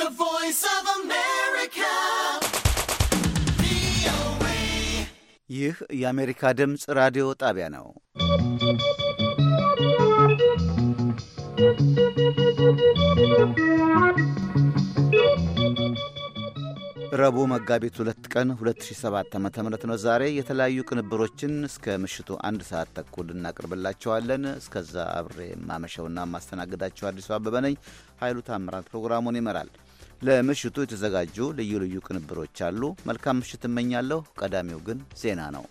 The Voice of America. ይህ የአሜሪካ ድምፅ ራዲዮ ጣቢያ ነው። ረቡዕ መጋቢት ሁለት ቀን 2007 ዓ ም ነው ዛሬ። የተለያዩ ቅንብሮችን እስከ ምሽቱ አንድ ሰዓት ተኩል እናቅርብላቸዋለን እስከዛ አብሬ ማመሸውና ማስተናግዳቸው አዲሱ አበበ ነኝ። ኃይሉ ታምራት ፕሮግራሙን ይመራል። ለምሽቱ የተዘጋጁ ልዩ ልዩ ቅንብሮች አሉ። መልካም ምሽት እመኛለሁ። ቀዳሚው ግን ዜና ነው።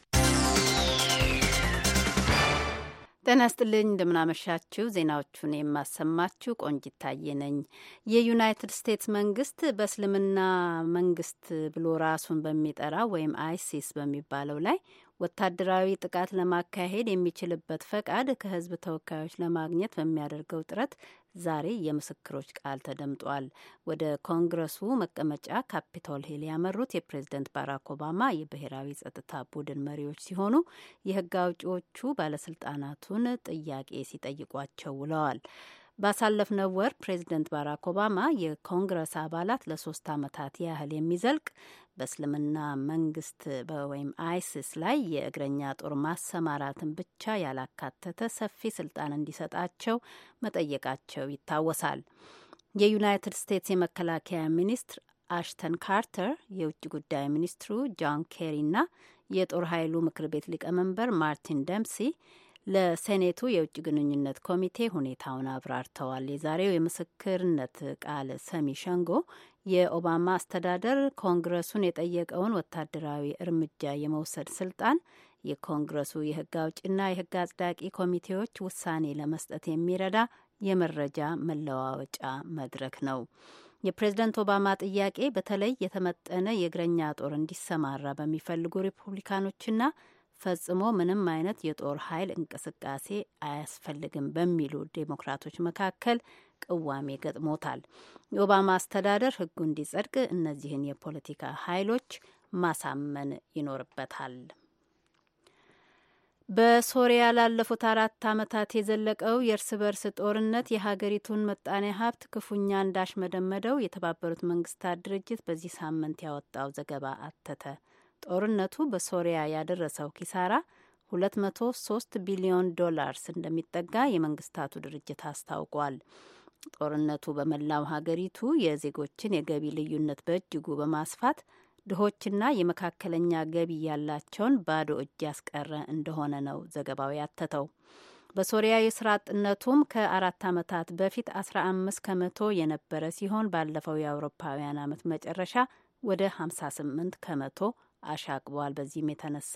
ጤና ስጥልኝ እንደምናመሻችሁ። ዜናዎቹን የማሰማችሁ ቆንጂት ታዬ ነኝ። የዩናይትድ ስቴትስ መንግስት በእስልምና መንግስት ብሎ ራሱን በሚጠራ ወይም አይሲስ በሚባለው ላይ ወታደራዊ ጥቃት ለማካሄድ የሚችልበት ፈቃድ ከህዝብ ተወካዮች ለማግኘት በሚያደርገው ጥረት ዛሬ የምስክሮች ቃል ተደምጧል። ወደ ኮንግረሱ መቀመጫ ካፒቶል ሂል ያመሩት የፕሬዝደንት ባራክ ኦባማ የብሔራዊ ጸጥታ ቡድን መሪዎች ሲሆኑ የህግ አውጪዎቹ ባለስልጣናቱን ጥያቄ ሲጠይቋቸው ውለዋል። ባሳለፍነው ወር ፕሬዚደንት ባራክ ኦባማ የኮንግረስ አባላት ለሶስት ዓመታት ያህል የሚዘልቅ በእስልምና መንግስት ወይም አይሲስ ላይ የእግረኛ ጦር ማሰማራትን ብቻ ያላካተተ ሰፊ ስልጣን እንዲሰጣቸው መጠየቃቸው ይታወሳል። የዩናይትድ ስቴትስ የመከላከያ ሚኒስትር አሽተን ካርተር፣ የውጭ ጉዳይ ሚኒስትሩ ጆን ኬሪና የጦር ኃይሉ ምክር ቤት ሊቀመንበር ማርቲን ደምሲ ለሴኔቱ የውጭ ግንኙነት ኮሚቴ ሁኔታውን አብራርተዋል። የዛሬው የምስክርነት ቃል ሰሚ ሸንጎ የኦባማ አስተዳደር ኮንግረሱን የጠየቀውን ወታደራዊ እርምጃ የመውሰድ ስልጣን የኮንግረሱ የህግ አውጭና የህግ አጽዳቂ ኮሚቴዎች ውሳኔ ለመስጠት የሚረዳ የመረጃ መለዋወጫ መድረክ ነው። የፕሬዝደንት ኦባማ ጥያቄ በተለይ የተመጠነ የእግረኛ ጦር እንዲሰማራ በሚፈልጉ ሪፑብሊካኖችና ፈጽሞ ምንም አይነት የጦር ኃይል እንቅስቃሴ አያስፈልግም በሚሉ ዴሞክራቶች መካከል ቅዋሜ ገጥሞታል። የኦባማ አስተዳደር ሕጉ እንዲጸድቅ እነዚህን የፖለቲካ ኃይሎች ማሳመን ይኖርበታል። በሶሪያ ላለፉት አራት ዓመታት የዘለቀው የእርስ በርስ ጦርነት የሀገሪቱን መጣኔ ሀብት ክፉኛ እንዳሽመደመደው የተባበሩት መንግስታት ድርጅት በዚህ ሳምንት ያወጣው ዘገባ አተተ። ጦርነቱ በሶሪያ ያደረሰው ኪሳራ 203 ቢሊዮን ዶላርስ እንደሚጠጋ የመንግስታቱ ድርጅት አስታውቋል። ጦርነቱ በመላው ሀገሪቱ የዜጎችን የገቢ ልዩነት በእጅጉ በማስፋት ድሆችና የመካከለኛ ገቢ ያላቸውን ባዶ እጅ ያስቀረ እንደሆነ ነው ዘገባው ያተተው። በሶሪያ የስራ አጥነቱም ከአራት ዓመታት በፊት 15 ከመቶ የነበረ ሲሆን ባለፈው የአውሮፓውያን ዓመት መጨረሻ ወደ 58 ከመቶ አሻቅቧል። በዚህም የተነሳ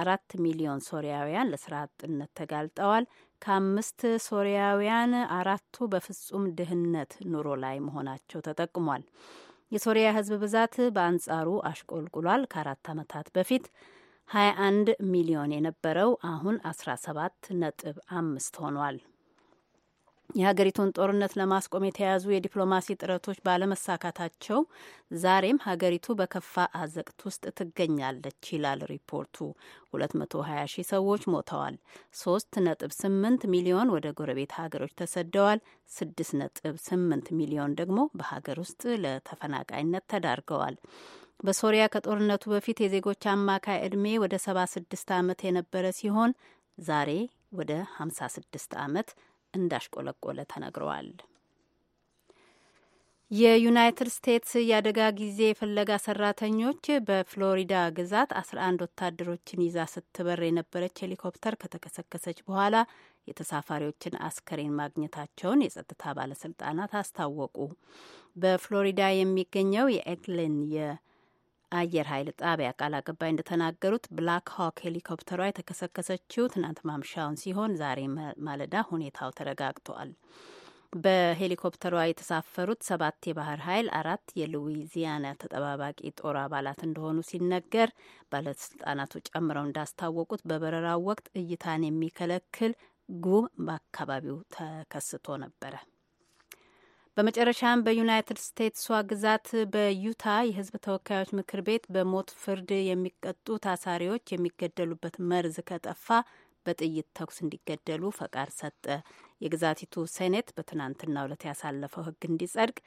አራት ሚሊዮን ሶሪያውያን ለስራ አጥነት ተጋልጠዋል። ከአምስት ሶሪያውያን አራቱ በፍጹም ድህነት ኑሮ ላይ መሆናቸው ተጠቅሟል። የሶሪያ ህዝብ ብዛት በአንጻሩ አሽቆልቁሏል። ከአራት ዓመታት በፊት 21 ሚሊዮን የነበረው አሁን 17 ነጥብ አምስት ሆኗል። የሀገሪቱን ጦርነት ለማስቆም የተያዙ የዲፕሎማሲ ጥረቶች ባለመሳካታቸው ዛሬም ሀገሪቱ በከፋ አዘቅት ውስጥ ትገኛለች ይላል ሪፖርቱ። 220 ሺህ ሰዎች ሞተዋል። 3.8 ሚሊዮን ወደ ጎረቤት ሀገሮች ተሰደዋል። 6.8 ሚሊዮን ደግሞ በሀገር ውስጥ ለተፈናቃይነት ተዳርገዋል። በሶሪያ ከጦርነቱ በፊት የዜጎች አማካይ ዕድሜ ወደ 76 ዓመት የነበረ ሲሆን ዛሬ ወደ 56 ዓመት እንዳሽቆለቆለ ተነግረዋል። የዩናይትድ ስቴትስ የአደጋ ጊዜ ፍለጋ ሰራተኞች በፍሎሪዳ ግዛት 11 ወታደሮችን ይዛ ስትበር የነበረች ሄሊኮፕተር ከተከሰከሰች በኋላ የተሳፋሪዎችን አስከሬን ማግኘታቸውን የጸጥታ ባለስልጣናት አስታወቁ። በፍሎሪዳ የሚገኘው የኤግሊን አየር ኃይል ጣቢያ ቃል አቀባይ እንደተናገሩት ብላክ ሆክ ሄሊኮፕተሯ የተከሰከሰችው ትናንት ማምሻውን ሲሆን ዛሬ ማለዳ ሁኔታው ተረጋግጧል። በሄሊኮፕተሯ የተሳፈሩት ሰባት የባህር ኃይል አራት የሉዊዚያና ተጠባባቂ ጦር አባላት እንደሆኑ ሲነገር ባለስልጣናቱ ጨምረው እንዳስታወቁት በበረራው ወቅት እይታን የሚከለክል ጉም በአካባቢው ተከስቶ ነበረ። በመጨረሻም በዩናይትድ ስቴትሷ ግዛት በዩታ የሕዝብ ተወካዮች ምክር ቤት በሞት ፍርድ የሚቀጡ ታሳሪዎች የሚገደሉበት መርዝ ከጠፋ በጥይት ተኩስ እንዲገደሉ ፈቃድ ሰጠ። የግዛቲቱ ሴኔት በትናንትናው ዕለት ያሳለፈው ሕግ እንዲጸድቅ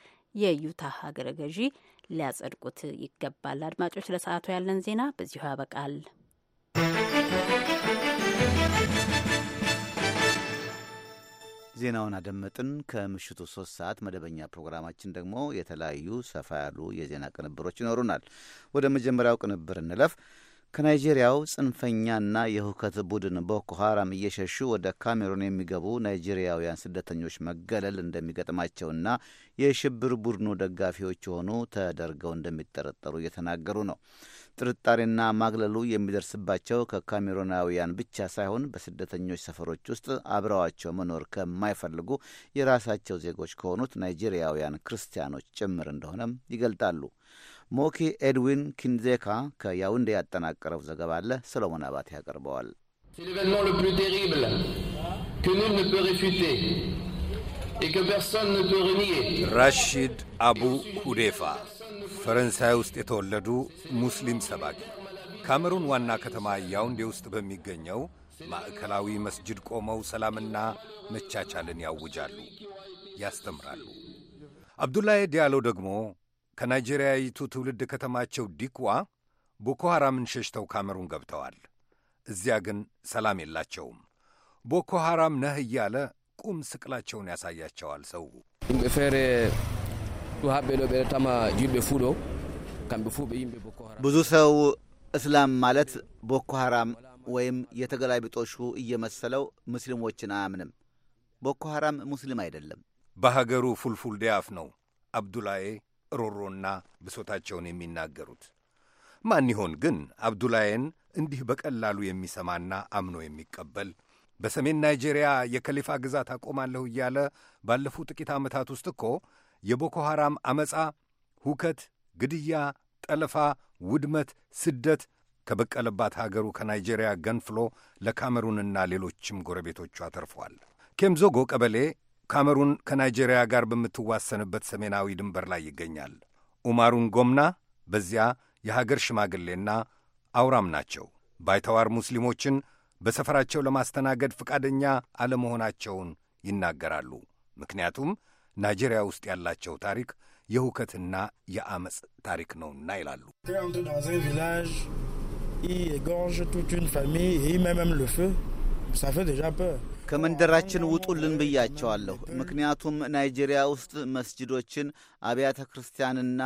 የዩታ ሀገረ ገዢ ሊያጸድቁት ይገባል። አድማጮች፣ ለሰዓቱ ያለን ዜና በዚሁ ያበቃል። ዜናውን አደመጥን። ከምሽቱ ሶስት ሰዓት መደበኛ ፕሮግራማችን ደግሞ የተለያዩ ሰፋ ያሉ የዜና ቅንብሮች ይኖሩናል። ወደ መጀመሪያው ቅንብር እንለፍ። ከናይጄሪያው ጽንፈኛና የሁከት ቡድን ቦኮ ሃራም እየሸሹ ወደ ካሜሩን የሚገቡ ናይጄሪያውያን ስደተኞች መገለል እንደሚገጥማቸውና የሽብር ቡድኑ ደጋፊዎች የሆኑ ተደርገው እንደሚጠረጠሩ እየተናገሩ ነው። ጥርጣሬና ማግለሉ የሚደርስባቸው ከካሜሮናውያን ብቻ ሳይሆን በስደተኞች ሰፈሮች ውስጥ አብረዋቸው መኖር ከማይፈልጉ የራሳቸው ዜጎች ከሆኑት ናይጄሪያውያን ክርስቲያኖች ጭምር እንደሆነም ይገልጣሉ። ሞኪ ኤድዊን ኪንዜካ ከያውንዴ ያጠናቀረው ዘገባ አለ። ሰሎሞን አባቴ ያቀርበዋል። ራሺድ አቡ ሁዴፋ ፈረንሳይ ውስጥ የተወለዱ ሙስሊም ሰባኪ ካሜሩን ዋና ከተማ ያውንዴ ውስጥ በሚገኘው ማዕከላዊ መስጅድ ቆመው ሰላምና መቻቻልን ያውጃሉ፣ ያስተምራሉ። አብዱላይ ዲያሎ ደግሞ ከናይጄሪያዊቱ ትውልድ ከተማቸው ዲክዋ ቦኮ ሐራምን ሸሽተው ካሜሩን ገብተዋል። እዚያ ግን ሰላም የላቸውም። ቦኮ ሐራም ነህ እያለ ቁም ስቅላቸውን ያሳያቸዋል። ሰው ብዙ ሰው እስላም ማለት ቦኮ ሐራም ወይም የተገላቢጦሹ እየመሰለው ሙስሊሞችን አያምንም። ቦኮ ሐራም ሙስሊም አይደለም። በሀገሩ ፉልፉል ዲያፍ ነው አብዱላኤ ሮሮና ብሶታቸውን የሚናገሩት። ማን ይሆን ግን አብዱላይን እንዲህ በቀላሉ የሚሰማና አምኖ የሚቀበል በሰሜን ናይጄሪያ የከሊፋ ግዛት አቆማለሁ እያለ ባለፉ ጥቂት ዓመታት ውስጥ እኮ የቦኮ ሐራም ዐመፃ፣ ሁከት፣ ግድያ፣ ጠለፋ፣ ውድመት፣ ስደት ከበቀለባት ሀገሩ ከናይጄሪያ ገንፍሎ ለካሜሩንና ሌሎችም ጎረቤቶቿ ተርፏል። ኬምዞጎ ቀበሌ ካሜሩን ከናይጄሪያ ጋር በምትዋሰንበት ሰሜናዊ ድንበር ላይ ይገኛል። ኡማሩን ጎምና በዚያ የሀገር ሽማግሌና አውራም ናቸው። ባይተዋር ሙስሊሞችን በሰፈራቸው ለማስተናገድ ፈቃደኛ አለመሆናቸውን ይናገራሉ። ምክንያቱም ናይጄሪያ ውስጥ ያላቸው ታሪክ የሁከትና የአመፅ ታሪክ ነውና ይላሉ። ከመንደራችን ውጡልን ብያቸዋለሁ። ምክንያቱም ናይጄሪያ ውስጥ መስጅዶችን፣ አብያተ ክርስቲያንና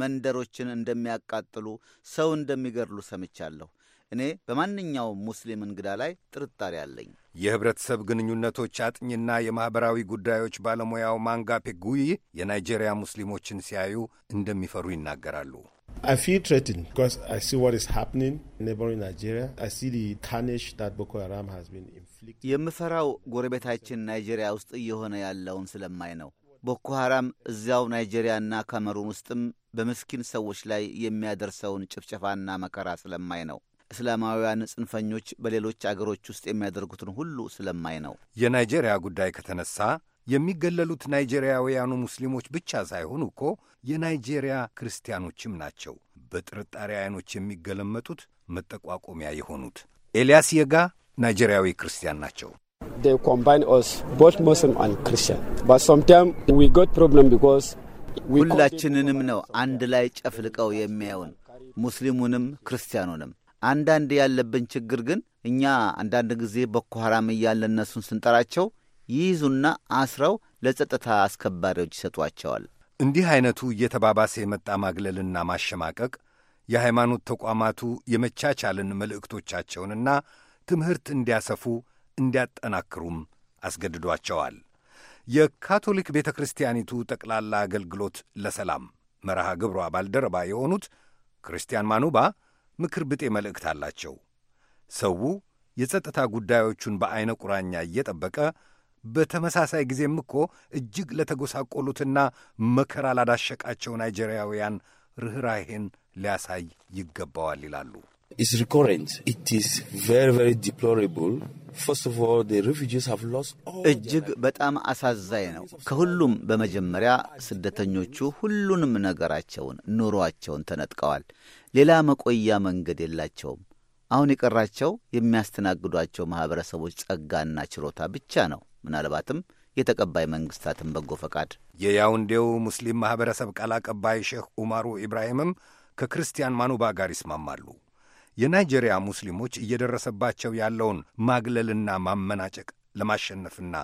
መንደሮችን እንደሚያቃጥሉ፣ ሰው እንደሚገድሉ ሰምቻለሁ። እኔ በማንኛውም ሙስሊም እንግዳ ላይ ጥርጣሬ አለኝ። የህብረተሰብ ግንኙነቶች አጥኚና የማኅበራዊ ጉዳዮች ባለሙያው ማንጋ ፔጉይ የናይጄሪያ ሙስሊሞችን ሲያዩ እንደሚፈሩ ይናገራሉ። I feel threatened because I see what is happening in neighboring Nigeria. I see the carnage that Boko Haram has been inflicting. የምፈራው ጎረቤታችን ናይጄሪያ ውስጥ እየሆነ ያለውን ስለማይ ነው። ቦኮ ሐራም እዚያው ናይጄሪያና ካሜሩን ውስጥም በምስኪን ሰዎች ላይ የሚያደርሰውን ጭፍጨፋና መከራ ስለማይ ነው። እስላማውያን ጽንፈኞች በሌሎች አገሮች ውስጥ የሚያደርጉትን ሁሉ ስለማይ ነው። የናይጄሪያ ጉዳይ ከተነሳ የሚገለሉት ናይጄሪያውያኑ ሙስሊሞች ብቻ ሳይሆኑ እኮ የናይጄሪያ ክርስቲያኖችም ናቸው በጥርጣሬ አይኖች የሚገለመጡት መጠቋቆሚያ የሆኑት። ኤልያስ የጋ ናይጄሪያዊ ክርስቲያን ናቸው። ሁላችንንም ነው አንድ ላይ ጨፍልቀው የሚያዩን ሙስሊሙንም ክርስቲያኑንም። አንዳንድ ያለብን ችግር ግን እኛ አንዳንድ ጊዜ ቦኮ ሐራም እያለ እነሱን ስንጠራቸው ይይዙና አስረው ለጸጥታ አስከባሪዎች ይሰጧቸዋል። እንዲህ አይነቱ እየተባባሰ የመጣ ማግለልና ማሸማቀቅ የሃይማኖት ተቋማቱ የመቻቻልን መልእክቶቻቸውንና ትምህርት እንዲያሰፉ እንዲያጠናክሩም አስገድዷቸዋል። የካቶሊክ ቤተ ክርስቲያኒቱ ጠቅላላ አገልግሎት ለሰላም መርሃ ግብሯ ባልደረባ የሆኑት ክርስቲያን ማኑባ ምክር ብጤ መልእክት አላቸው። ሰው የጸጥታ ጉዳዮቹን በዐይነ ቁራኛ እየጠበቀ በተመሳሳይ ጊዜም እኮ እጅግ ለተጎሳቆሉትና መከራ ላዳሸቃቸው ናይጄሪያውያን ርኅራሄን ሊያሳይ ይገባዋል ይላሉ። እጅግ በጣም አሳዛኝ ነው። ከሁሉም በመጀመሪያ ስደተኞቹ ሁሉንም ነገራቸውን፣ ኑሮአቸውን ተነጥቀዋል። ሌላ መቆያ መንገድ የላቸውም። አሁን የቀራቸው የሚያስተናግዷቸው ማኅበረሰቦች ጸጋና ችሮታ ብቻ ነው። ምናልባትም የተቀባይ መንግስታትን በጎ ፈቃድ። የያውንዴው ሙስሊም ማኅበረሰብ ቃል አቀባይ ሼህ ኡማሩ ኢብራሂምም ከክርስቲያን ማኑባ ጋር ይስማማሉ። የናይጄሪያ ሙስሊሞች እየደረሰባቸው ያለውን ማግለልና ማመናጨቅ ለማሸነፍና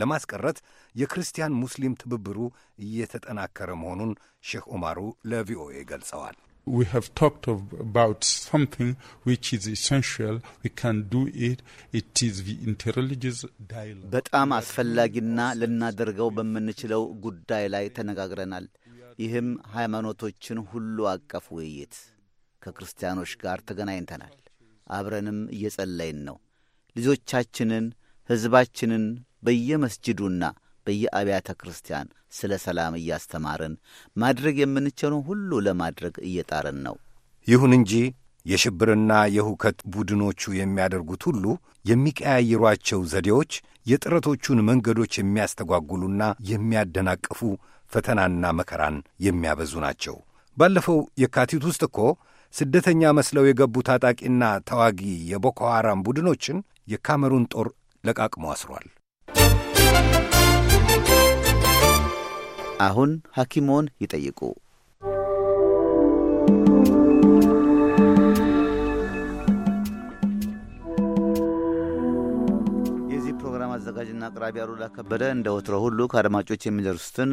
ለማስቀረት የክርስቲያን ሙስሊም ትብብሩ እየተጠናከረ መሆኑን ሼህ ኡማሩ ለቪኦኤ ገልጸዋል። we have talked of, about something which is essential. We can do it. It is the interreligious dialogue. በጣም አስፈላጊና ልናደርገው በምንችለው ጉዳይ ላይ ተነጋግረናል። ይህም ሃይማኖቶችን ሁሉ አቀፍ ውይይት ከክርስቲያኖች ጋር ተገናኝተናል። አብረንም እየጸለይን ነው። ልጆቻችንን፣ ሕዝባችንን በየመስጅዱና በየአብያተ ክርስቲያን ስለ ሰላም እያስተማርን ማድረግ የምንችለውን ሁሉ ለማድረግ እየጣርን ነው። ይሁን እንጂ የሽብርና የሁከት ቡድኖቹ የሚያደርጉት ሁሉ የሚቀያይሯቸው ዘዴዎች የጥረቶቹን መንገዶች የሚያስተጓጉሉና የሚያደናቅፉ ፈተናና መከራን የሚያበዙ ናቸው። ባለፈው የካቲት ውስጥ እኮ ስደተኛ መስለው የገቡ ታጣቂና ተዋጊ የቦኮ ሐራም ቡድኖችን የካሜሩን ጦር ለቃቅሞ አስሯል። አሁን ሐኪሞን ይጠይቁ። የዚህ ፕሮግራም አዘጋጅና አቅራቢ አሉላ ከበደ እንደ ወትሮ ሁሉ ከአድማጮች የሚደርሱትን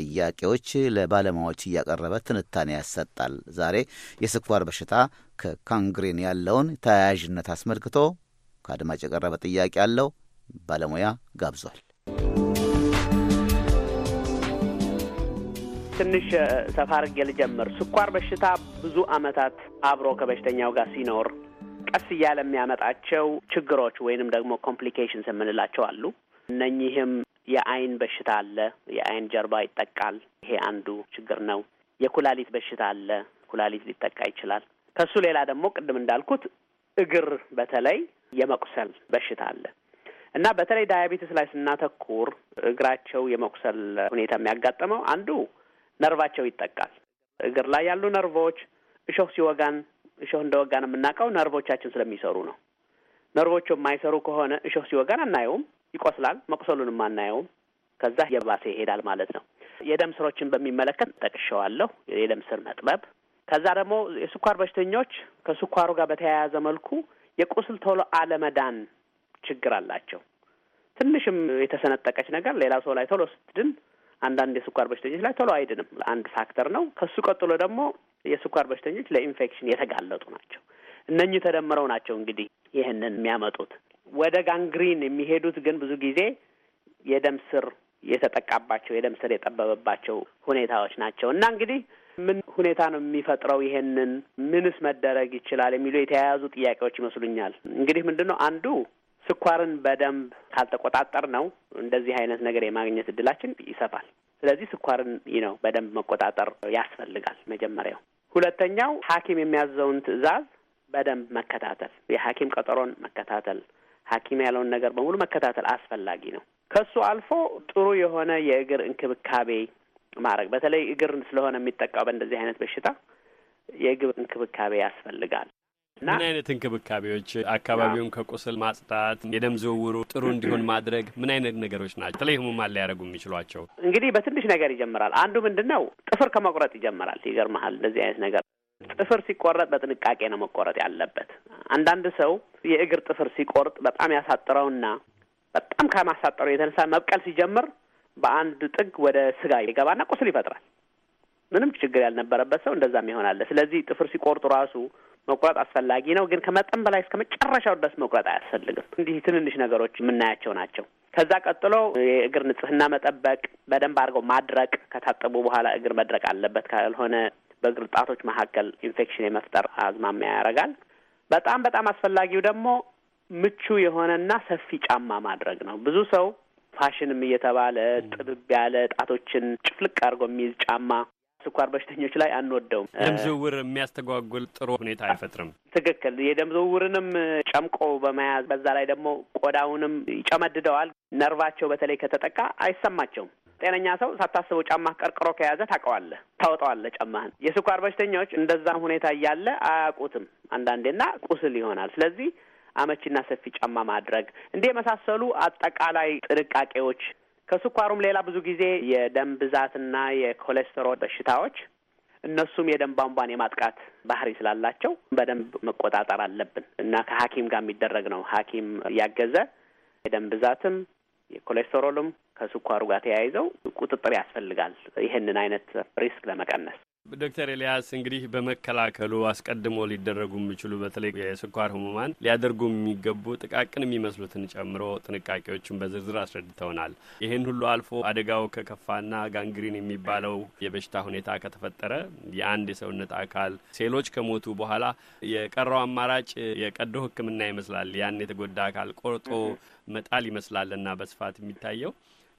ጥያቄዎች ለባለሙያዎች እያቀረበ ትንታኔ ያሰጣል። ዛሬ የስኳር በሽታ ከካንግሬን ያለውን ተያያዥነት አስመልክቶ ከአድማጭ የቀረበ ጥያቄ አለው። ባለሙያ ጋብዟል። ትንሽ ሰፋ አድርጌ ልጀምር። ስኳር በሽታ ብዙ አመታት አብሮ ከበሽተኛው ጋር ሲኖር ቀስ እያለ የሚያመጣቸው ችግሮች ወይንም ደግሞ ኮምፕሊኬሽንስ የምንላቸው አሉ። እነኚህም የአይን በሽታ አለ። የአይን ጀርባ ይጠቃል። ይሄ አንዱ ችግር ነው። የኩላሊት በሽታ አለ። ኩላሊት ሊጠቃ ይችላል። ከሱ ሌላ ደግሞ ቅድም እንዳልኩት እግር በተለይ የመቁሰል በሽታ አለ እና በተለይ ዳያቤትስ ላይ ስናተኩር እግራቸው የመቁሰል ሁኔታ የሚያጋጥመው አንዱ ነርቫቸው ይጠቃል። እግር ላይ ያሉ ነርቮች እሾህ ሲወጋን እሾህ እንደወጋን የምናውቀው ነርቮቻችን ስለሚሰሩ ነው። ነርቮቹ የማይሰሩ ከሆነ እሾህ ሲወጋን አናየውም፣ ይቆስላል። መቁሰሉንም አናየውም። ከዛ የባሰ ይሄዳል ማለት ነው። የደም ስሮችን በሚመለከት ጠቅሸዋለሁ፣ የደም ስር መጥበብ። ከዛ ደግሞ የስኳር በሽተኞች ከስኳሩ ጋር በተያያዘ መልኩ የቁስል ቶሎ አለመዳን ችግር አላቸው። ትንሽም የተሰነጠቀች ነገር ሌላ ሰው ላይ ቶሎ ስትድን አንዳንድ የስኳር በሽተኞች ላይ ቶሎ አይድንም። አንድ ፋክተር ነው። ከሱ ቀጥሎ ደግሞ የስኳር በሽተኞች ለኢንፌክሽን የተጋለጡ ናቸው። እነኚህ ተደምረው ናቸው እንግዲህ ይህንን የሚያመጡት። ወደ ጋንግሪን የሚሄዱት ግን ብዙ ጊዜ የደም ስር የተጠቃባቸው የደም ስር የጠበበባቸው ሁኔታዎች ናቸው እና እንግዲህ ምን ሁኔታ ነው የሚፈጥረው? ይሄንን ምንስ መደረግ ይችላል የሚሉ የተያያዙ ጥያቄዎች ይመስሉኛል። እንግዲህ ምንድን ነው አንዱ ስኳርን በደንብ ካልተቆጣጠር ነው እንደዚህ አይነት ነገር የማግኘት እድላችን ይሰፋል። ስለዚህ ስኳርን ነው በደንብ መቆጣጠር ያስፈልጋል። መጀመሪያው። ሁለተኛው ሐኪም የሚያዘውን ትዕዛዝ በደንብ መከታተል፣ የሐኪም ቀጠሮን መከታተል፣ ሐኪም ያለውን ነገር በሙሉ መከታተል አስፈላጊ ነው። ከሱ አልፎ ጥሩ የሆነ የእግር እንክብካቤ ማድረግ፣ በተለይ እግር ስለሆነ የሚጠቃው በእንደዚህ አይነት በሽታ የእግር እንክብካቤ ያስፈልጋል። ምን አይነት እንክብካቤዎች አካባቢውን ከቁስል ማጽዳት፣ የደም ዝውውሩ ጥሩ እንዲሆን ማድረግ ምን አይነት ነገሮች ናቸው? ተለይ ህሙማን ሊያደርጉ የሚችሏቸው እንግዲህ በትንሽ ነገር ይጀምራል። አንዱ ምንድን ነው? ጥፍር ከመቁረጥ ይጀምራል። ይገርመሃል፣ እንደዚህ አይነት ነገር ጥፍር ሲቆረጥ በጥንቃቄ ነው መቆረጥ ያለበት። አንዳንድ ሰው የእግር ጥፍር ሲቆርጥ በጣም ያሳጥረውና በጣም ከማሳጠረው የተነሳ መብቀል ሲጀምር በአንድ ጥግ ወደ ስጋ ይገባና ቁስል ይፈጥራል። ምንም ችግር ያልነበረበት ሰው እንደዛም ይሆናል። ስለዚህ ጥፍር ሲቆርጡ ራሱ መቁረጥ አስፈላጊ ነው፣ ግን ከመጠን በላይ እስከ መጨረሻው ድረስ መቁረጥ አያስፈልግም። እንዲህ ትንንሽ ነገሮች የምናያቸው ናቸው። ከዛ ቀጥሎ የእግር ንጽህና መጠበቅ፣ በደንብ አድርገው ማድረቅ። ከታጠቡ በኋላ እግር መድረቅ አለበት፣ ካልሆነ በእግር ጣቶች መካከል ኢንፌክሽን የመፍጠር አዝማሚያ ያደርጋል። በጣም በጣም አስፈላጊው ደግሞ ምቹ የሆነና ሰፊ ጫማ ማድረግ ነው። ብዙ ሰው ፋሽንም እየተባለ ጥብብ ያለ ጣቶችን ጭፍልቅ አድርጎ የሚይዝ ጫማ ስኳር በሽተኞች ላይ አንወደውም። ደም ዝውውር የሚያስተጓጉል ጥሩ ሁኔታ አይፈጥርም። ትክክል። የደም ዝውውርንም ጨምቆ በመያዝ በዛ ላይ ደግሞ ቆዳውንም ይጨመድደዋል። ነርቫቸው በተለይ ከተጠቃ አይሰማቸውም። ጤነኛ ሰው ሳታስበው ጫማ ቀርቅሮ ከያዘ ታውቀዋለህ፣ ታወጣዋለህ ጫማህን። የስኳር በሽተኞች እንደዛም ሁኔታ እያለ አያውቁትም አንዳንዴና ቁስል ይሆናል። ስለዚህ አመቺና ሰፊ ጫማ ማድረግ እንዲህ የመሳሰሉ አጠቃላይ ጥንቃቄዎች ከስኳሩም ሌላ ብዙ ጊዜ የደም ብዛትና የኮሌስተሮል በሽታዎች እነሱም የደም ቧንቧን የማጥቃት ባህሪ ስላላቸው በደንብ መቆጣጠር አለብን እና ከሐኪም ጋር የሚደረግ ነው። ሐኪም እያገዘ የደም ብዛትም የኮሌስተሮልም ከስኳሩ ጋር ተያይዘው ቁጥጥር ያስፈልጋል። ይህንን አይነት ሪስክ ለመቀነስ ዶክተር ኤልያስ እንግዲህ በመከላከሉ አስቀድሞ ሊደረጉ የሚችሉ በተለይ የስኳር ህሙማን ሊያደርጉ የሚገቡ ጥቃቅን የሚመስሉትን ጨምሮ ጥንቃቄዎችን በዝርዝር አስረድተውናል። ይህን ሁሉ አልፎ አደጋው ከከፋና ጋንግሪን የሚባለው የበሽታ ሁኔታ ከተፈጠረ የአንድ የሰውነት አካል ሴሎች ከሞቱ በኋላ የቀረው አማራጭ የቀዶ ሕክምና ይመስላል። ያን የተጎዳ አካል ቆርጦ መጣል ይመስላልና በስፋት የሚታየው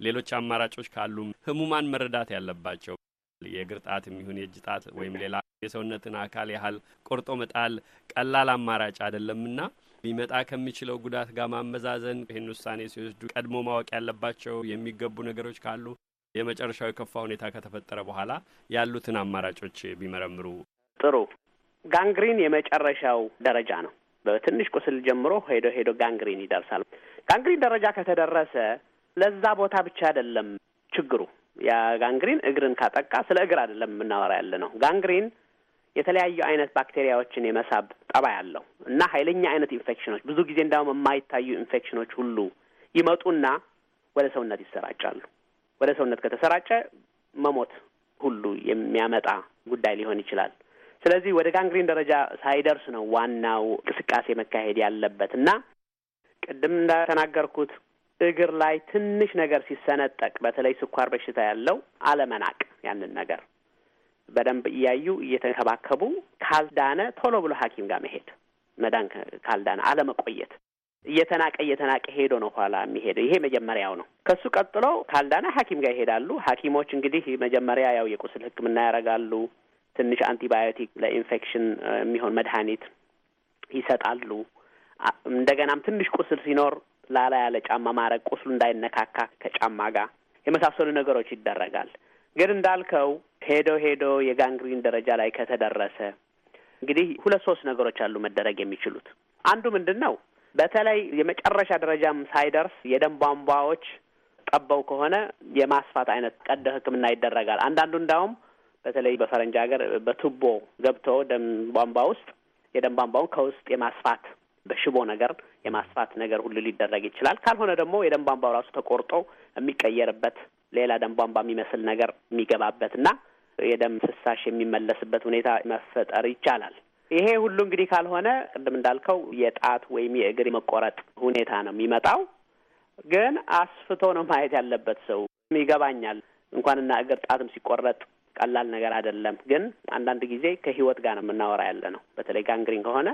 ሌሎች አማራጮች ካሉም ህሙማን መረዳት ያለባቸው የእግር ጣት የሚሆን የእጅ ጣት ወይም ሌላ የሰውነትን አካል ያህል ቆርጦ መጣል ቀላል አማራጭ አይደለምና ሊመጣ ከሚችለው ጉዳት ጋር ማመዛዘን ይህን ውሳኔ ሲወስዱ ቀድሞ ማወቅ ያለባቸው የሚገቡ ነገሮች ካሉ የመጨረሻው የከፋ ሁኔታ ከተፈጠረ በኋላ ያሉትን አማራጮች ቢመረምሩ ጥሩ። ጋንግሪን የመጨረሻው ደረጃ ነው። በትንሽ ቁስል ጀምሮ ሄዶ ሄዶ ጋንግሪን ይደርሳል። ጋንግሪን ደረጃ ከተደረሰ ለዛ ቦታ ብቻ አይደለም ችግሩ የጋንግሪን እግርን ካጠቃ ስለ እግር አይደለም የምናወራ ያለ ነው። ጋንግሪን የተለያዩ አይነት ባክቴሪያዎችን የመሳብ ጠባይ አለው እና ኃይለኛ አይነት ኢንፌክሽኖች ብዙ ጊዜ እንዳውም የማይታዩ ኢንፌክሽኖች ሁሉ ይመጡና ወደ ሰውነት ይሰራጫሉ። ወደ ሰውነት ከተሰራጨ መሞት ሁሉ የሚያመጣ ጉዳይ ሊሆን ይችላል። ስለዚህ ወደ ጋንግሪን ደረጃ ሳይደርስ ነው ዋናው እንቅስቃሴ መካሄድ ያለበት እና ቅድም እንደተናገርኩት እግር ላይ ትንሽ ነገር ሲሰነጠቅ በተለይ ስኳር በሽታ ያለው አለመናቅ ያንን ነገር በደንብ እያዩ እየተንከባከቡ ካልዳነ ቶሎ ብሎ ሐኪም ጋር መሄድ መዳን ካልዳነ አለመቆየት እየተናቀ እየተናቀ ሄዶ ነው ኋላ የሚሄደው። ይሄ መጀመሪያው ነው። ከሱ ቀጥሎ ካልዳነ ሐኪም ጋር ይሄዳሉ። ሐኪሞች እንግዲህ መጀመሪያ ያው የቁስል ሕክምና ያደርጋሉ። ትንሽ አንቲባዮቲክ ለኢንፌክሽን የሚሆን መድኃኒት ይሰጣሉ። እንደገናም ትንሽ ቁስል ሲኖር ላላ ያለ ጫማ ማድረግ፣ ቁስሉ እንዳይነካካ ከጫማ ጋር የመሳሰሉ ነገሮች ይደረጋል። ግን እንዳልከው ሄዶ ሄዶ የጋንግሪን ደረጃ ላይ ከተደረሰ እንግዲህ ሁለት ሶስት ነገሮች አሉ መደረግ የሚችሉት። አንዱ ምንድን ነው? በተለይ የመጨረሻ ደረጃም ሳይደርስ የደም ቧንቧዎች ጠበው ከሆነ የማስፋት አይነት ቀደ ሕክምና ይደረጋል። አንዳንዱ እንዳውም በተለይ በፈረንጅ ሀገር በቱቦ ገብቶ ደም ቧንቧ ውስጥ የደም ቧንቧውን ከውስጥ የማስፋት በሽቦ ነገር የማስፋት ነገር ሁሉ ሊደረግ ይችላል። ካልሆነ ደግሞ የደንብ ቧንቧው ራሱ ተቆርጦ የሚቀየርበት ሌላ ደንብ አንባ የሚመስል ነገር የሚገባበት እና የደም ፍሳሽ የሚመለስበት ሁኔታ መፈጠር ይቻላል። ይሄ ሁሉ እንግዲህ ካልሆነ ቅድም እንዳልከው የጣት ወይም የእግር መቆረጥ ሁኔታ ነው የሚመጣው። ግን አስፍቶ ነው ማየት ያለበት ሰው ይገባኛል። እንኳንና እግር ጣትም ሲቆረጥ ቀላል ነገር አይደለም። ግን አንዳንድ ጊዜ ከህይወት ጋር ነው የምናወራ ያለ ነው። በተለይ ጋንግሪን ከሆነ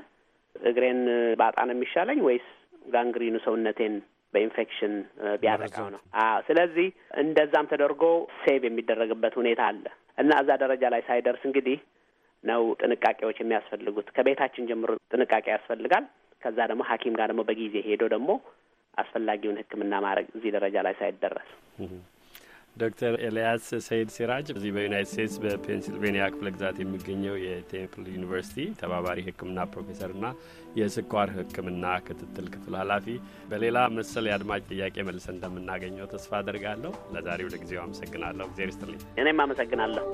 እግሬን ባጣ ነው የሚሻለኝ ወይስ ጋንግሪኑ ሰውነቴን በኢንፌክሽን ቢያጠቃው ነው? አዎ። ስለዚህ እንደዛም ተደርጎ ሴቭ የሚደረግበት ሁኔታ አለ እና እዛ ደረጃ ላይ ሳይደርስ እንግዲህ ነው ጥንቃቄዎች የሚያስፈልጉት። ከቤታችን ጀምሮ ጥንቃቄ ያስፈልጋል። ከዛ ደግሞ ሐኪም ጋር ደግሞ በጊዜ ሄዶ ደግሞ አስፈላጊውን ሕክምና ማድረግ እዚህ ደረጃ ላይ ሳይደረስ ዶክተር ኤልያስ ሰይድ ሲራጅ እዚህ በዩናይት ስቴትስ በፔንሲልቬኒያ ክፍለ ግዛት የሚገኘው የቴምፕል ዩኒቨርሲቲ ተባባሪ ሕክምና ፕሮፌሰርና የስኳር ሕክምና ክትትል ክፍል ኃላፊ በሌላ መሰል የአድማጭ ጥያቄ መልሰ እንደምናገኘው ተስፋ አድርጋለሁ። ለዛሬው ለጊዜው አመሰግናለሁ። እግዜር ይስጥልኝ። እኔም አመሰግናለሁ።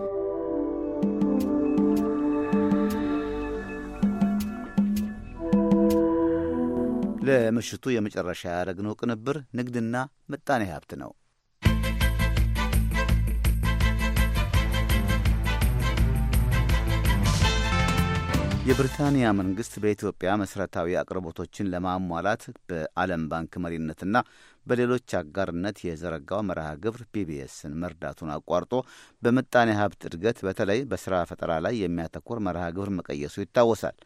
ለምሽቱ የመጨረሻ ያደረግነው ቅንብር ንግድና ምጣኔ ሀብት ነው። የብሪታንያ መንግስት በኢትዮጵያ መሠረታዊ አቅርቦቶችን ለማሟላት በዓለም ባንክ መሪነትና በሌሎች አጋርነት የዘረጋው መርሃ ግብር ቢቢኤስን መርዳቱን አቋርጦ በምጣኔ ሀብት እድገት በተለይ በስራ ፈጠራ ላይ የሚያተኩር መርሃ ግብር መቀየሱ ይታወሳል።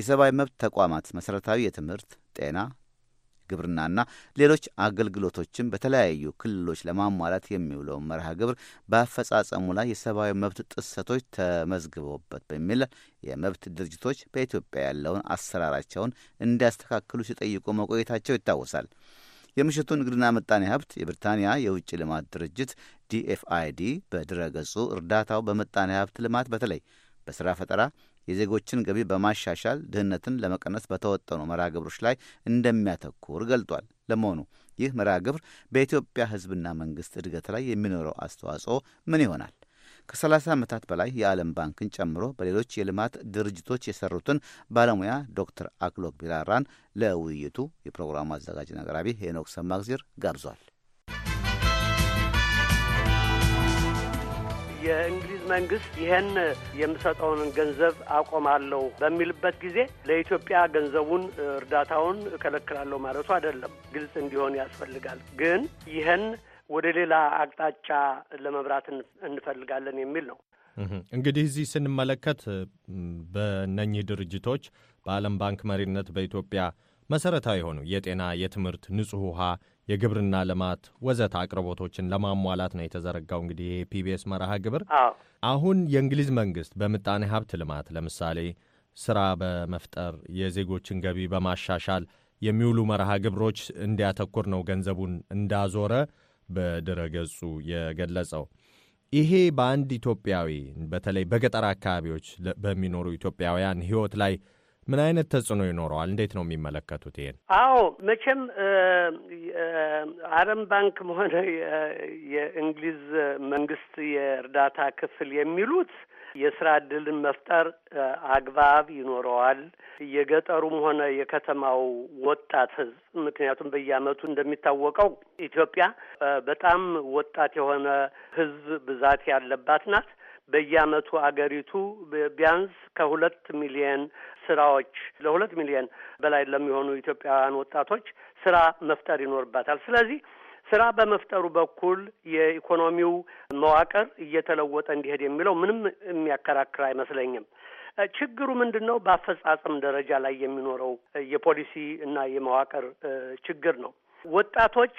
የሰብአዊ መብት ተቋማት መሠረታዊ የትምህርት፣ ጤና፣ ግብርናና ሌሎች አገልግሎቶችን በተለያዩ ክልሎች ለማሟላት የሚውለው መርሃ ግብር በአፈጻጸሙ ላይ የሰብአዊ መብት ጥሰቶች ተመዝግበውበት በሚል የመብት ድርጅቶች በኢትዮጵያ ያለውን አሰራራቸውን እንዲያስተካክሉ ሲጠይቁ መቆየታቸው ይታወሳል። የምሽቱ ንግድና ምጣኔ ሀብት የብሪታንያ የውጭ ልማት ድርጅት ዲኤፍአይዲ በድረ ገጹ እርዳታው በምጣኔ ሀብት ልማት በተለይ በስራ ፈጠራ የዜጎችን ገቢ በማሻሻል ድህነትን ለመቀነስ በተወጠኑ መርሃ ግብሮች ላይ እንደሚያተኩር ገልጧል። ለመሆኑ ይህ መርሃ ግብር በኢትዮጵያ ሕዝብና መንግስት እድገት ላይ የሚኖረው አስተዋጽኦ ምን ይሆናል? ከ30 ዓመታት በላይ የዓለም ባንክን ጨምሮ በሌሎች የልማት ድርጅቶች የሰሩትን ባለሙያ ዶክተር አክሎግ ቢራራን ለውይይቱ የፕሮግራሙ አዘጋጅ አቅራቢ ሄኖክ ሰማግዜር ጋብዟል። የእንግሊዝ መንግስት ይህን የምሰጠውን ገንዘብ አቆማለሁ በሚልበት ጊዜ ለኢትዮጵያ ገንዘቡን እርዳታውን እከለክላለሁ ማለቱ አይደለም። ግልጽ እንዲሆን ያስፈልጋል። ግን ይህን ወደ ሌላ አቅጣጫ ለመብራት እንፈልጋለን የሚል ነው። እንግዲህ እዚህ ስንመለከት በእነኚህ ድርጅቶች በዓለም ባንክ መሪነት በኢትዮጵያ መሠረታዊ የሆኑ የጤና፣ የትምህርት፣ ንጹሕ ውሃ፣ የግብርና ልማት ወዘተ አቅርቦቶችን ለማሟላት ነው የተዘረጋው። እንግዲህ ይሄ ፒቢኤስ መርሃ ግብር አሁን የእንግሊዝ መንግስት በምጣኔ ሀብት ልማት ለምሳሌ ስራ በመፍጠር የዜጎችን ገቢ በማሻሻል የሚውሉ መርሃ ግብሮች እንዲያተኩር ነው ገንዘቡን እንዳዞረ በድረገጹ የገለጸው። ይሄ በአንድ ኢትዮጵያዊ በተለይ በገጠር አካባቢዎች በሚኖሩ ኢትዮጵያውያን ሕይወት ላይ ምን አይነት ተጽዕኖ ይኖረዋል? እንዴት ነው የሚመለከቱት ይሄን? አዎ መቼም አረም ባንክም ሆነ የእንግሊዝ መንግስት የእርዳታ ክፍል የሚሉት የስራ እድልን መፍጠር አግባብ ይኖረዋል። የገጠሩም ሆነ የከተማው ወጣት ህዝብ ምክንያቱም በየዓመቱ እንደሚታወቀው ኢትዮጵያ በጣም ወጣት የሆነ ህዝብ ብዛት ያለባት ናት። በየአመቱ አገሪቱ ቢያንስ ከሁለት ሚሊየን ስራዎች ለሁለት ሚሊየን በላይ ለሚሆኑ ኢትዮጵያውያን ወጣቶች ስራ መፍጠር ይኖርባታል። ስለዚህ ስራ በመፍጠሩ በኩል የኢኮኖሚው መዋቅር እየተለወጠ እንዲሄድ የሚለው ምንም የሚያከራክር አይመስለኝም። ችግሩ ምንድን ነው? በአፈጻጸም ደረጃ ላይ የሚኖረው የፖሊሲ እና የመዋቅር ችግር ነው። ወጣቶች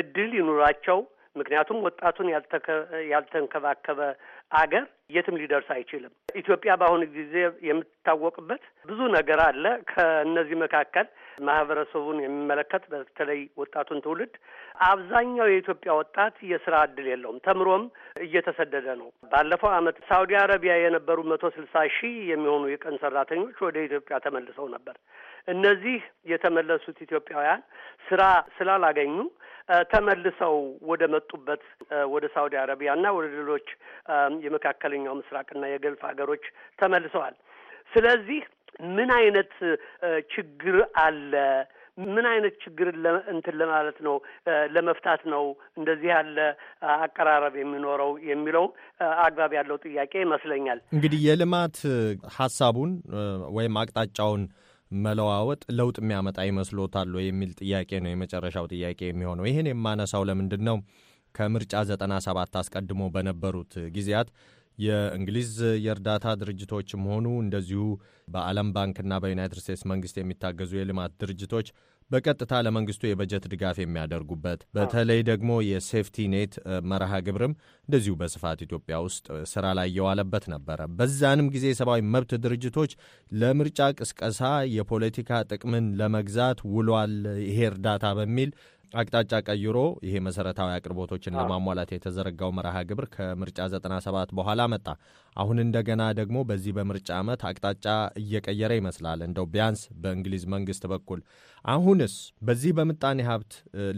እድል ይኑራቸው ምክንያቱም ወጣቱን ያልተንከባከበ አገር የትም ሊደርስ አይችልም። ኢትዮጵያ በአሁኑ ጊዜ የምትታወቅበት ብዙ ነገር አለ። ከእነዚህ መካከል ማህበረሰቡን የሚመለከት በተለይ ወጣቱን ትውልድ አብዛኛው የኢትዮጵያ ወጣት የስራ እድል የለውም። ተምሮም እየተሰደደ ነው። ባለፈው አመት ሳውዲ አረቢያ የነበሩ መቶ ስልሳ ሺህ የሚሆኑ የቀን ሰራተኞች ወደ ኢትዮጵያ ተመልሰው ነበር። እነዚህ የተመለሱት ኢትዮጵያውያን ስራ ስላላገኙ ተመልሰው ወደ መጡበት ወደ ሳውዲ አረቢያና ወደ ሌሎች የመካከለኛው ምስራቅና የገልፍ ሀገሮች ተመልሰዋል። ስለዚህ ምን አይነት ችግር አለ? ምን አይነት ችግር እንትን ለማለት ነው ለመፍታት ነው እንደዚህ ያለ አቀራረብ የሚኖረው የሚለው አግባብ ያለው ጥያቄ ይመስለኛል። እንግዲህ የልማት ሀሳቡን ወይም አቅጣጫውን መለዋወጥ ለውጥ የሚያመጣ ይመስሎታል የሚል ጥያቄ ነው የመጨረሻው ጥያቄ የሚሆነው። ይህን የማነሳው ለምንድን ነው ከምርጫ ዘጠና ሰባት አስቀድሞ በነበሩት ጊዜያት የእንግሊዝ የእርዳታ ድርጅቶችም ሆኑ እንደዚሁ በዓለም ባንክና በዩናይትድ ስቴትስ መንግስት የሚታገዙ የልማት ድርጅቶች በቀጥታ ለመንግስቱ የበጀት ድጋፍ የሚያደርጉበት በተለይ ደግሞ የሴፍቲ ኔት መርሃ ግብርም እንደዚሁ በስፋት ኢትዮጵያ ውስጥ ስራ ላይ የዋለበት ነበረ። በዛንም ጊዜ የሰብአዊ መብት ድርጅቶች ለምርጫ ቅስቀሳ የፖለቲካ ጥቅምን ለመግዛት ውሏል ይሄ እርዳታ በሚል አቅጣጫ ቀይሮ ይሄ መሰረታዊ አቅርቦቶችን ለማሟላት የተዘረጋው መርሃ ግብር ከምርጫ 97 በኋላ መጣ። አሁን እንደገና ደግሞ በዚህ በምርጫ ዓመት አቅጣጫ እየቀየረ ይመስላል። እንደው ቢያንስ በእንግሊዝ መንግስት በኩል አሁንስ በዚህ በምጣኔ ሀብት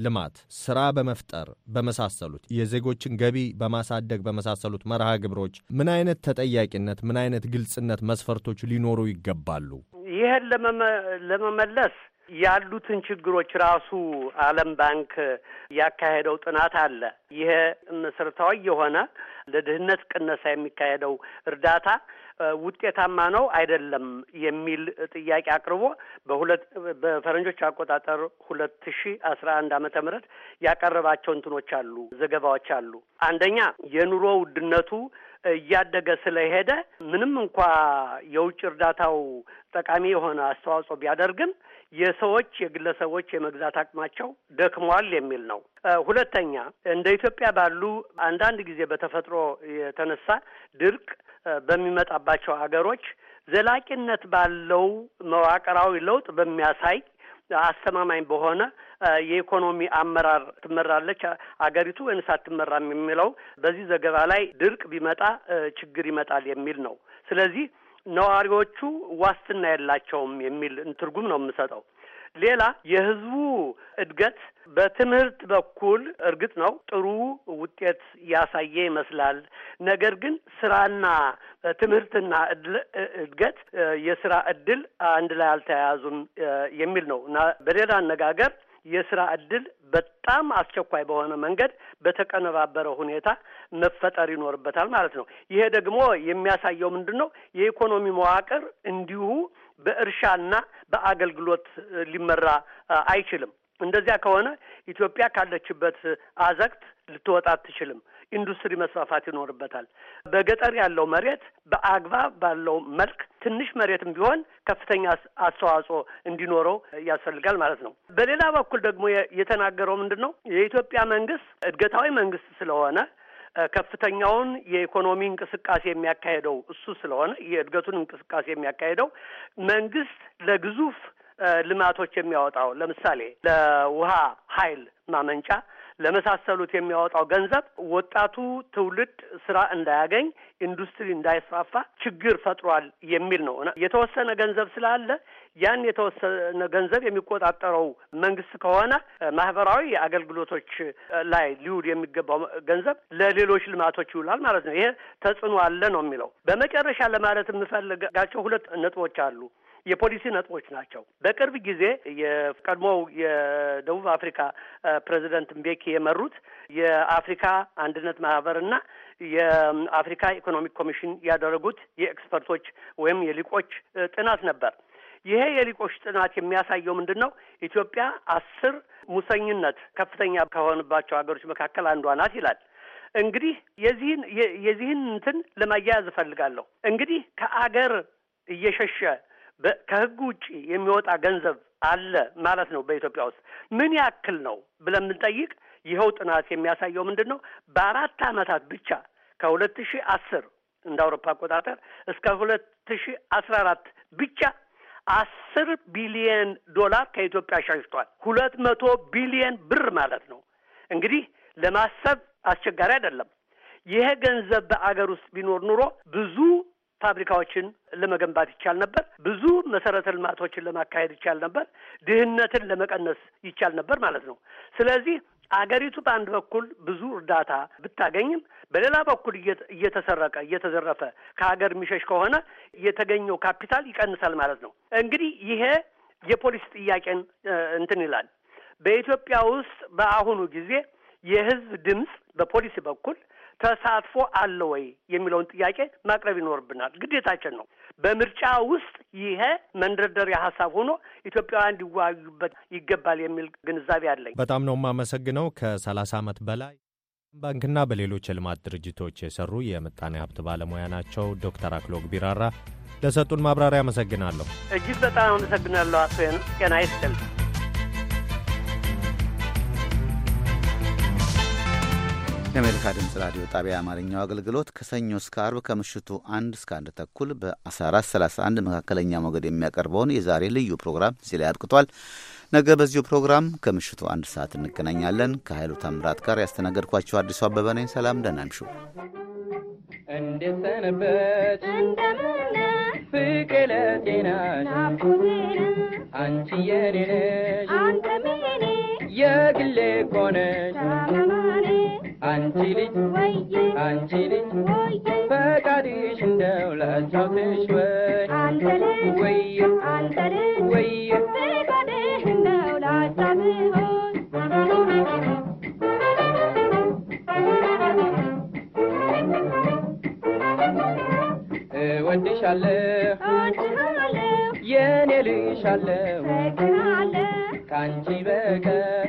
ልማት፣ ስራ በመፍጠር በመሳሰሉት የዜጎችን ገቢ በማሳደግ በመሳሰሉት መርሃ ግብሮች ምን አይነት ተጠያቂነት፣ ምን አይነት ግልጽነት መስፈርቶች ሊኖሩ ይገባሉ? ይህን ለመመለስ ያሉትን ችግሮች ራሱ ዓለም ባንክ ያካሄደው ጥናት አለ። ይሄ መሰረታዊ የሆነ ለድህነት ቅነሳ የሚካሄደው እርዳታ ውጤታማ ነው አይደለም የሚል ጥያቄ አቅርቦ በሁለት በፈረንጆች አቆጣጠር ሁለት ሺ አስራ አንድ አመተ ምህረት ያቀረባቸው እንትኖች አሉ፣ ዘገባዎች አሉ። አንደኛ የኑሮ ውድነቱ እያደገ ስለሄደ ምንም እንኳ የውጭ እርዳታው ጠቃሚ የሆነ አስተዋጽኦ ቢያደርግም የሰዎች የግለሰቦች የመግዛት አቅማቸው ደክሟል የሚል ነው። ሁለተኛ እንደ ኢትዮጵያ ባሉ አንዳንድ ጊዜ በተፈጥሮ የተነሳ ድርቅ በሚመጣባቸው አገሮች ዘላቂነት ባለው መዋቅራዊ ለውጥ በሚያሳይ አስተማማኝ በሆነ የኢኮኖሚ አመራር ትመራለች አገሪቱ ወይንስ አትመራም የሚለው በዚህ ዘገባ ላይ ድርቅ ቢመጣ ችግር ይመጣል የሚል ነው። ስለዚህ ነዋሪዎቹ ዋስትና የላቸውም የሚል ትርጉም ነው የምሰጠው። ሌላ የህዝቡ እድገት በትምህርት በኩል እርግጥ ነው ጥሩ ውጤት ያሳየ ይመስላል። ነገር ግን ስራና ትምህርትና እድገት የስራ እድል አንድ ላይ አልተያያዙም የሚል ነው እና በሌላ አነጋገር የስራ እድል በጣም አስቸኳይ በሆነ መንገድ በተቀነባበረ ሁኔታ መፈጠር ይኖርበታል ማለት ነው። ይሄ ደግሞ የሚያሳየው ምንድን ነው? የኢኮኖሚ መዋቅር እንዲሁ በእርሻና በአገልግሎት ሊመራ አይችልም። እንደዚያ ከሆነ ኢትዮጵያ ካለችበት አዘቅት ልትወጣ አትችልም። ኢንዱስትሪ መስፋፋት ይኖርበታል። በገጠር ያለው መሬት በአግባብ ባለው መልክ ትንሽ መሬትም ቢሆን ከፍተኛ አስተዋጽኦ እንዲኖረው ያስፈልጋል ማለት ነው። በሌላ በኩል ደግሞ የተናገረው ምንድን ነው? የኢትዮጵያ መንግስት እድገታዊ መንግስት ስለሆነ ከፍተኛውን የኢኮኖሚ እንቅስቃሴ የሚያካሄደው እሱ ስለሆነ የእድገቱን እንቅስቃሴ የሚያካሄደው መንግስት ለግዙፍ ልማቶች የሚያወጣው ለምሳሌ ለውሃ ኃይል ማመንጫ ለመሳሰሉት የሚያወጣው ገንዘብ ወጣቱ ትውልድ ስራ እንዳያገኝ፣ ኢንዱስትሪ እንዳይስፋፋ ችግር ፈጥሯል የሚል ነው። የተወሰነ ገንዘብ ስላለ ያን የተወሰነ ገንዘብ የሚቆጣጠረው መንግስት ከሆነ ማህበራዊ አገልግሎቶች ላይ ሊውል የሚገባው ገንዘብ ለሌሎች ልማቶች ይውላል ማለት ነው። ይሄ ተጽዕኖ አለ ነው የሚለው። በመጨረሻ ለማለት የምፈልጋቸው ሁለት ነጥቦች አሉ። የፖሊሲ ነጥቦች ናቸው። በቅርብ ጊዜ የቀድሞው የደቡብ አፍሪካ ፕሬዚደንት ምቤኪ የመሩት የአፍሪካ አንድነት ማህበርና የአፍሪካ ኢኮኖሚክ ኮሚሽን ያደረጉት የኤክስፐርቶች ወይም የሊቆች ጥናት ነበር። ይሄ የሊቆች ጥናት የሚያሳየው ምንድን ነው? ኢትዮጵያ አስር ሙሰኝነት ከፍተኛ ከሆነባቸው ሀገሮች መካከል አንዷ ናት ይላል። እንግዲህ የዚህን የዚህን እንትን ለማያያዝ እፈልጋለሁ። እንግዲህ ከአገር እየሸሸ ከህግ ውጭ የሚወጣ ገንዘብ አለ ማለት ነው በኢትዮጵያ ውስጥ ምን ያክል ነው ብለን ብንጠይቅ ይኸው ጥናት የሚያሳየው ምንድን ነው በአራት ዓመታት ብቻ ከሁለት ሺህ አስር እንደ አውሮፓ አቆጣጠር እስከ ሁለት ሺህ አስራ አራት ብቻ አስር ቢሊየን ዶላር ከኢትዮጵያ ሸሽቷል። ሁለት መቶ ቢሊየን ብር ማለት ነው። እንግዲህ ለማሰብ አስቸጋሪ አይደለም። ይሄ ገንዘብ በአገር ውስጥ ቢኖር ኑሮ ብዙ ፋብሪካዎችን ለመገንባት ይቻል ነበር። ብዙ መሰረተ ልማቶችን ለማካሄድ ይቻል ነበር። ድህነትን ለመቀነስ ይቻል ነበር ማለት ነው። ስለዚህ አገሪቱ በአንድ በኩል ብዙ እርዳታ ብታገኝም በሌላ በኩል እየተሰረቀ እየተዘረፈ ከሀገር የሚሸሽ ከሆነ የተገኘው ካፒታል ይቀንሳል ማለት ነው። እንግዲህ ይሄ የፖሊሲ ጥያቄን እንትን ይላል። በኢትዮጵያ ውስጥ በአሁኑ ጊዜ የህዝብ ድምፅ በፖሊሲ በኩል ተሳትፎ አለ ወይ የሚለውን ጥያቄ ማቅረብ ይኖርብናል፣ ግዴታችን ነው። በምርጫ ውስጥ ይሄ መንደርደሪያ ሀሳብ ሆኖ ኢትዮጵያውያን እንዲወያዩበት ይገባል የሚል ግንዛቤ አለኝ። በጣም ነው የማመሰግነው። ከሰላሳ ዓመት በላይ ባንክና በሌሎች የልማት ድርጅቶች የሰሩ የምጣኔ ሀብት ባለሙያ ናቸው ዶክተር አክሎግ ቢራራ ለሰጡን ማብራሪያ አመሰግናለሁ። እጅግ በጣም አመሰግናለሁ አቶ ጤና ይስጥልኝ። የአሜሪካ ድምፅ ራዲዮ ጣቢያ የአማርኛው አገልግሎት ከሰኞ እስከ አርብ ከምሽቱ አንድ እስከ አንድ ተኩል በ1431 መካከለኛ ሞገድ የሚያቀርበውን የዛሬ ልዩ ፕሮግራም እዚህ ላይ አብቅቷል። ነገ በዚሁ ፕሮግራም ከምሽቱ አንድ ሰዓት እንገናኛለን። ከኃይሉ ታምራት ጋር ያስተናገድኳቸው አዲሱ አበበ ነኝ። ሰላም፣ ደህና እምሹ። እንዴት ሰነበት አንቺ የኔ ነሽ የግሌ እኮ አንቺ ልጅ አንቺ ልጅ ፈቃድሽ እንደው ላጫውትሽ ወይ ወይ ወይ ፈቃድሽ እንደው ላጫውትሽ እወድሻለሁ የኔ ልሻለሁ ከአንቺ በቀር